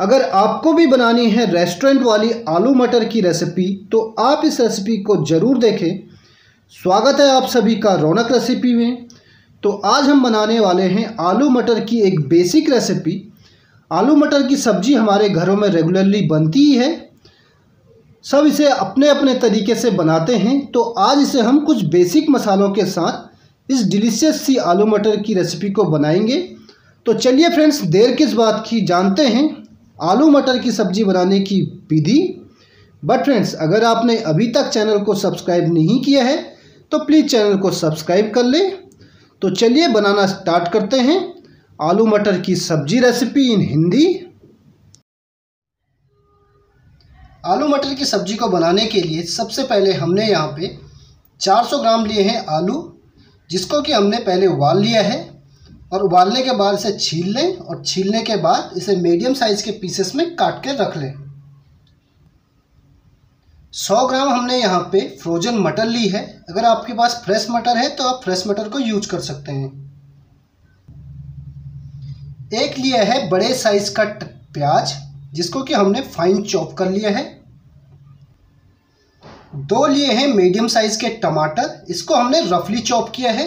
अगर आपको भी बनानी है रेस्टोरेंट वाली आलू मटर की रेसिपी तो आप इस रेसिपी को ज़रूर देखें स्वागत है आप सभी का रौनक रेसिपी में तो आज हम बनाने वाले हैं आलू मटर की एक बेसिक रेसिपी आलू मटर की सब्ज़ी हमारे घरों में रेगुलरली बनती ही है सब इसे अपने अपने तरीके से बनाते हैं तो आज इसे हम कुछ बेसिक मसालों के साथ इस डिलीशियस सी आलू मटर की रेसिपी को बनाएंगे तो चलिए फ्रेंड्स देर किस बात की जानते हैं आलू मटर की सब्जी बनाने की विधि बट फ्रेंड्स अगर आपने अभी तक चैनल को सब्सक्राइब नहीं किया है तो प्लीज़ चैनल को सब्सक्राइब कर लें तो चलिए बनाना स्टार्ट करते हैं आलू मटर की सब्जी रेसिपी इन हिंदी आलू मटर की सब्जी को बनाने के लिए सबसे पहले हमने यहाँ पे 400 ग्राम लिए हैं आलू जिसको कि हमने पहले उबाल लिया है और उबालने के बाद इसे छील लें और छीलने के बाद इसे मीडियम साइज़ के पीसेस में काट के रख लें 100 ग्राम हमने यहाँ पे फ्रोजन मटर ली है अगर आपके पास फ्रेश मटर है तो आप फ्रेश मटर को यूज कर सकते हैं एक लिया है बड़े साइज़ का प्याज जिसको कि हमने फाइन चॉप कर लिया है दो लिए हैं मीडियम साइज़ के टमाटर इसको हमने रफली चॉप किया है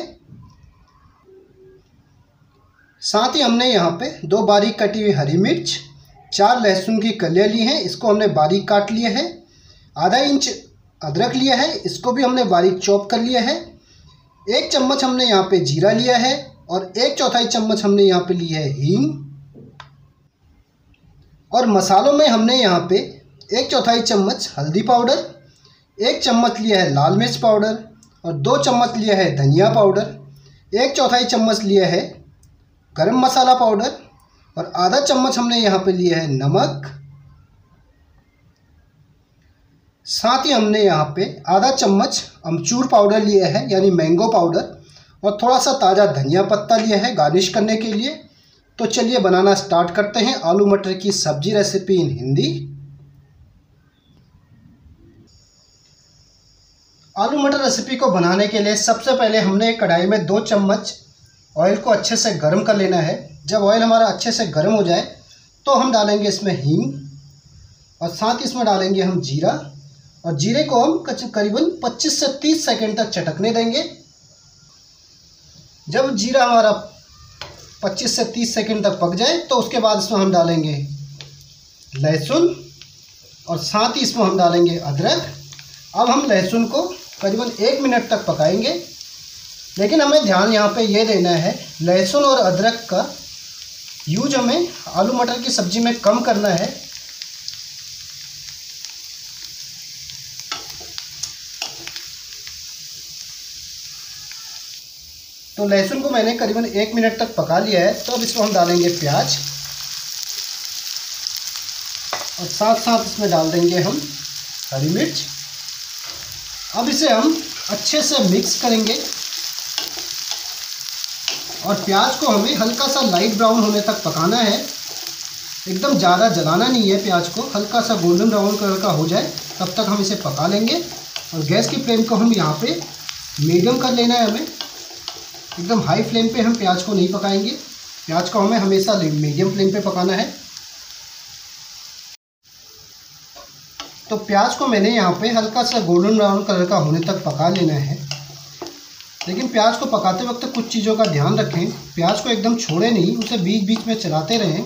साथ ही हमने यहाँ पे दो बारीक कटी हुई हरी मिर्च चार लहसुन की कलियाँ ली हैं इसको हमने बारीक काट लिए हैं आधा इंच अदरक लिया है इसको भी हमने बारीक चॉप कर लिया है एक चम्मच हमने यहाँ पे जीरा लिया है और एक चौथाई चम्मच हमने यहाँ पे ली है हींग और मसालों में हमने यहाँ पे एक चौथाई चम्मच हल्दी पाउडर एक चम्मच लिया है लाल मिर्च पाउडर और दो चम्मच लिया है धनिया पाउडर एक चौथाई चम्मच लिया है गरम मसाला पाउडर और आधा चम्मच हमने यहाँ पे लिया है नमक साथ ही हमने यहाँ पे आधा चम्मच अमचूर पाउडर लिया है यानी मैंगो पाउडर और थोड़ा सा ताज़ा धनिया पत्ता लिया है गार्निश करने के लिए तो चलिए बनाना स्टार्ट करते हैं आलू मटर की सब्जी रेसिपी इन हिंदी आलू मटर रेसिपी को बनाने के लिए सबसे पहले हमने कढ़ाई में दो चम्मच ऑयल को अच्छे से गर्म कर लेना है जब ऑयल हमारा अच्छे से गर्म हो जाए तो हम डालेंगे इसमें हींग और साथ ही इसमें डालेंगे हम जीरा और जीरे को हम करीबन 25 से 30 सेकंड तक चटकने देंगे जब जीरा हमारा 25 से 30 सेकंड तक पक जाए तो उसके बाद इसमें हम डालेंगे लहसुन और साथ ही इसमें हम डालेंगे अदरक अब हम लहसुन को करीबन एक मिनट तक पकाएंगे लेकिन हमें ध्यान यहाँ पे ये देना है लहसुन और अदरक का यूज हमें आलू मटर की सब्जी में कम करना है तो लहसुन को मैंने करीबन एक मिनट तक पका लिया है तो अब इसमें हम डालेंगे प्याज और साथ साथ इसमें डाल देंगे हम हरी मिर्च अब इसे हम अच्छे से मिक्स करेंगे और प्याज को हमें हल्का सा लाइट ब्राउन होने तक पकाना है एकदम ज़्यादा जलाना नहीं है प्याज को हल्का सा गोल्डन ब्राउन कलर का हो जाए तब तक हम इसे पका लेंगे और गैस की फ्लेम को हम यहाँ पे मीडियम कर लेना है हमें एकदम हाई फ्लेम पे हम प्याज को नहीं पकाएंगे प्याज को हमें हमेशा मीडियम फ्लेम पे पकाना है तो प्याज को मैंने यहाँ पे हल्का सा गोल्डन ब्राउन कलर का होने तक पका लेना है लेकिन प्याज को पकाते वक्त कुछ चीज़ों का ध्यान रखें प्याज को एकदम छोड़े नहीं उसे बीच बीच में चलाते रहें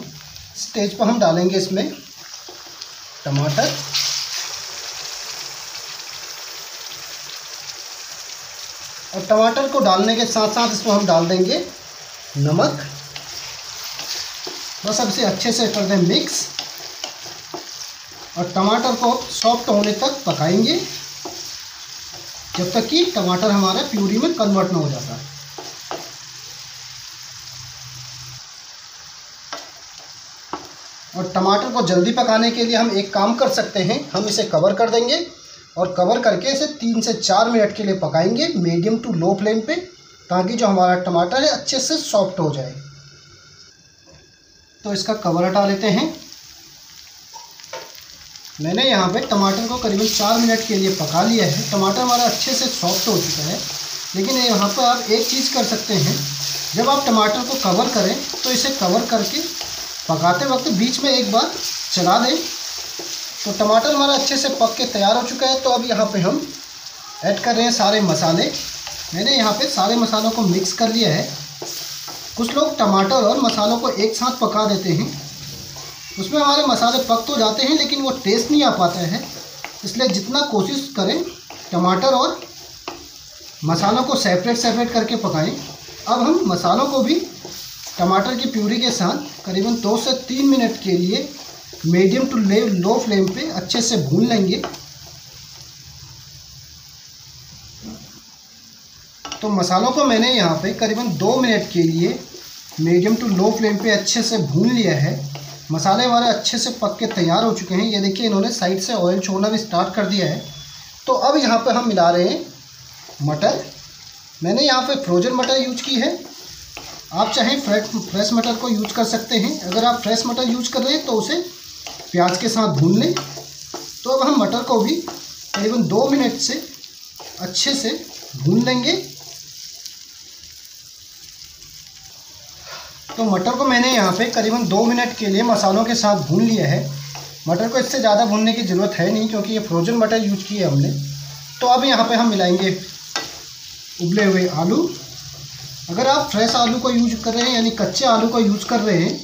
स्टेज पर हम डालेंगे इसमें टमाटर और टमाटर को डालने के साथ साथ इसमें हम डाल देंगे नमक बस अब इसे अच्छे से कर दें मिक्स और टमाटर को सॉफ्ट होने तक पकाएंगे जब तक कि टमाटर हमारा प्यूरी में कन्वर्ट ना हो जाता है और टमाटर को जल्दी पकाने के लिए हम एक काम कर सकते हैं हम इसे कवर कर देंगे और कवर करके इसे तीन से चार मिनट के लिए पकाएंगे मीडियम टू लो फ्लेम पे ताकि जो हमारा टमाटर है अच्छे से सॉफ्ट हो जाए तो इसका कवर हटा लेते हैं मैंने यहाँ पे टमाटर को करीबन चार मिनट के लिए पका लिया है टमाटर हमारा अच्छे से सॉफ्ट हो चुका है लेकिन यहाँ पर आप एक चीज़ कर सकते हैं जब आप टमाटर को कवर करें तो इसे कवर करके पकाते वक्त बीच में एक बार चला दें तो टमाटर हमारा अच्छे से पक के तैयार हो चुका है तो अब यहाँ पर हम ऐड कर रहे हैं सारे मसाले मैंने यहाँ पर सारे मसालों को मिक्स कर लिया है कुछ लोग टमाटर और मसालों को एक साथ पका देते हैं उसमें हमारे मसाले पक तो जाते हैं लेकिन वो टेस्ट नहीं आ पाता है इसलिए जितना कोशिश करें टमाटर और मसालों को सेपरेट सेपरेट करके पकाएं अब हम मसालों को भी टमाटर की प्यूरी के साथ करीबन दो से तीन मिनट के लिए मीडियम टू ले लो फ्लेम पे अच्छे से भून लेंगे तो मसालों को मैंने यहाँ पे करीबन दो मिनट के लिए मीडियम टू लो फ्लेम पे अच्छे से भून लिया है मसाले हमारे अच्छे से पक के तैयार हो चुके हैं ये देखिए इन्होंने साइड से ऑयल छोड़ना भी स्टार्ट कर दिया है तो अब यहाँ पे हम मिला रहे हैं मटर मैंने यहाँ पे फ्रोजन मटर यूज की है आप चाहें फ्रेश मटर को यूज कर सकते हैं अगर आप फ्रेश मटर यूज कर रहे हैं तो उसे प्याज के साथ भून लें तो अब हम मटर को भी करीबन दो मिनट से अच्छे से भून लेंगे तो मटर को मैंने यहाँ पे करीबन दो मिनट के लिए मसालों के साथ भून लिया है मटर को इससे ज़्यादा भूनने की ज़रूरत है नहीं क्योंकि ये फ्रोजन मटर यूज किए हमने तो अब यहाँ पे हम मिलाएंगे उबले हुए आलू अगर आप फ्रेश आलू को यूज कर रहे हैं यानी कच्चे आलू को यूज कर रहे हैं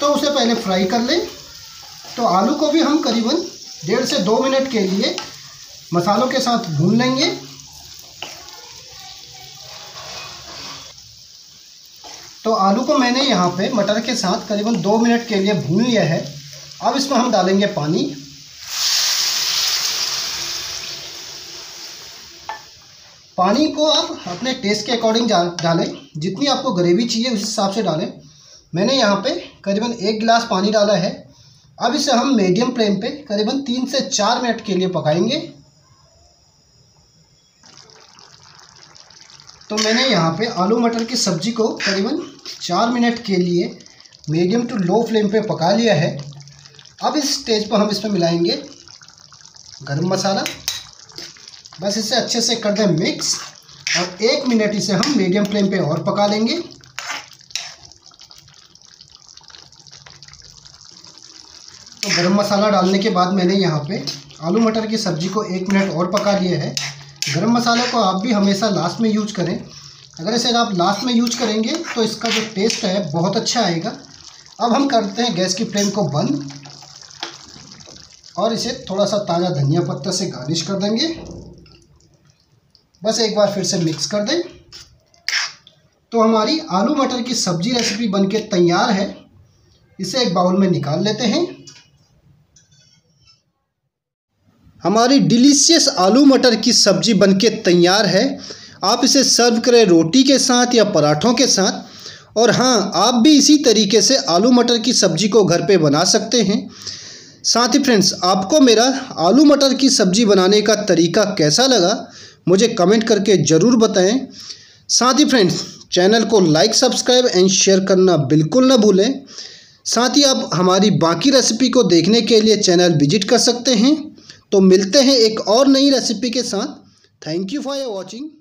तो उसे पहले फ्राई कर लें तो आलू को भी हम करीबन डेढ़ से दो मिनट के लिए मसालों के साथ भून लेंगे तो आलू को मैंने यहाँ पे मटर के साथ करीबन दो मिनट के लिए भून लिया है अब इसमें हम डालेंगे पानी पानी को आप अपने टेस्ट के अकॉर्डिंग डालें जितनी आपको ग्रेवी चाहिए उस हिसाब से डालें मैंने यहाँ पे करीबन एक गिलास पानी डाला है अब इसे हम मीडियम फ्लेम पे करीबन तीन से चार मिनट के लिए पकाएंगे तो मैंने यहाँ पे आलू मटर की सब्ज़ी को करीबन चार मिनट के लिए मीडियम टू लो फ्लेम पे पका लिया है अब इस स्टेज पर हम इसमें मिलाएंगे गरम मसाला बस इसे अच्छे से कर दें मिक्स और एक मिनट इसे हम मीडियम फ्लेम पे और पका लेंगे तो गरम मसाला डालने के बाद मैंने यहाँ पे आलू मटर की सब्ज़ी को एक मिनट और पका लिया है गरम मसाले को आप भी हमेशा लास्ट में यूज करें अगर इसे आप लास्ट में यूज करेंगे तो इसका जो टेस्ट है बहुत अच्छा आएगा अब हम करते हैं गैस की फ्लेम को बंद और इसे थोड़ा सा ताज़ा धनिया पत्ता से गार्निश कर देंगे बस एक बार फिर से मिक्स कर दें तो हमारी आलू मटर की सब्जी रेसिपी बनके तैयार है इसे एक बाउल में निकाल लेते हैं हमारी डिलीशियस आलू मटर की सब्जी बनके तैयार है आप इसे सर्व करें रोटी के साथ या पराठों के साथ और हाँ आप भी इसी तरीके से आलू मटर की सब्जी को घर पे बना सकते हैं साथ ही फ्रेंड्स आपको मेरा आलू मटर की सब्जी बनाने का तरीका कैसा लगा मुझे कमेंट करके ज़रूर बताएं साथ ही फ्रेंड्स चैनल को लाइक सब्सक्राइब एंड शेयर करना बिल्कुल ना भूलें साथ ही आप हमारी बाकी रेसिपी को देखने के लिए चैनल विजिट कर सकते हैं तो मिलते हैं एक और नई रेसिपी के साथ थैंक यू फॉर वॉचिंग